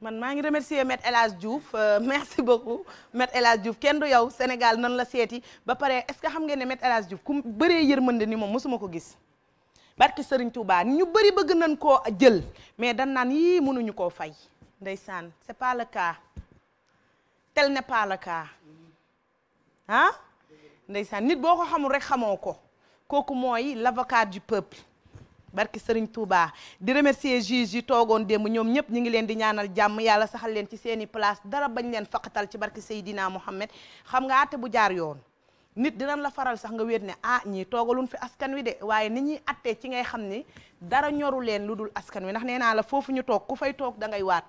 man maa ngi remercier Maître El Hadj Diouf euh, merci beaucoup Maître El Hadj kenn du yow Sénégal nan la seeti ba pare est-ce que xam ngeen ne Maître El Hadj Diouf ku bëree yërmande ni moom mosuma ko gis barki Serigne Touba ñu bëri bëgg nañ koo jël mais dan naan yii mënuñu koo fay ndeysaan c'est pas le cas tel n'est pas ah ndeysaan nit boo ko xamul rek xamoo ko kooku mooy l'avocat du peuple barki sëriñ Touba di remercier juge yi toogoon démb ñoom ñëpp ñu ngi leen di ñaanal jàmm yàlla saxal leen ci seeni place dara bañ leen faqatal ci barki Seydina Mohamed xam nga àtte bu jaar yoon nit dinañ la faral sax nga wéet ne ah ñii toogalun fi askan wi de waaye ni ñuy attee ci ngay xam ni dara ñoru leen lu dul askan wi ndax nee naa la foofu ñu toog ku fay toog dangay waat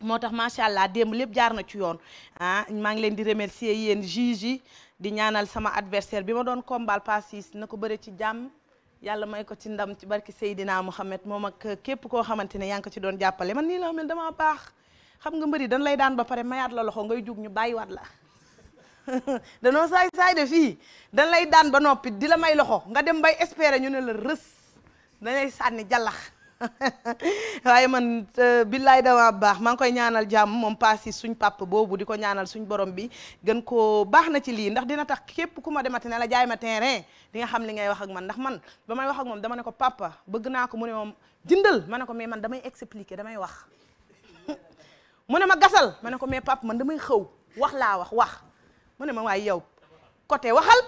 moo tax macha allah démb lépp jaar na ci yoon ah maa ngi leen di remercier yéen juge yi di ñaanal sama adversaire bi ma doon combat pasis na ko bëre ci jàmm yàlla may ko ci ndam ci barki Seydina Mouhamed moom ak képp koo xamante ne yaa ngi ko ci doon jàppale man nii la mel damaa baax xam nga mbëri dañ lay daan ba pare mayaat la loxo ngay jug ñu bàyyiwaat la danoo saay saay de fii dañ lay daan ba noppi di la may loxo nga dem bay espérer ñu ne la rës dañ lay sànni jallax waaye man euh, billaay dama baax maa ngi koy ñaanal jàmm moom paas yi suñ pàpp boobu di ko ñaanal suñ borom bi gën koo baax na ci lii ndax dina tax képp ku ma demati ne la jaay ma terrain di nga xam li ngay wax ak man ndax man ba may wax ak moom dama ne ko papa bëgg naa ko mu ne moom jëndal ma ne ko mais man damay expliquer damay wax mu ne ma gasal ma ne ko mais papa man damay xëw wax laa wax wax mu ne ma waaye yow côté waxal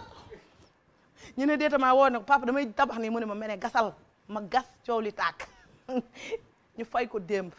ñu ne déetamaa woo ne ko papa damay tabax nii mu ne ma mene gasal ma gas coow li tàkk ñu fay ko démb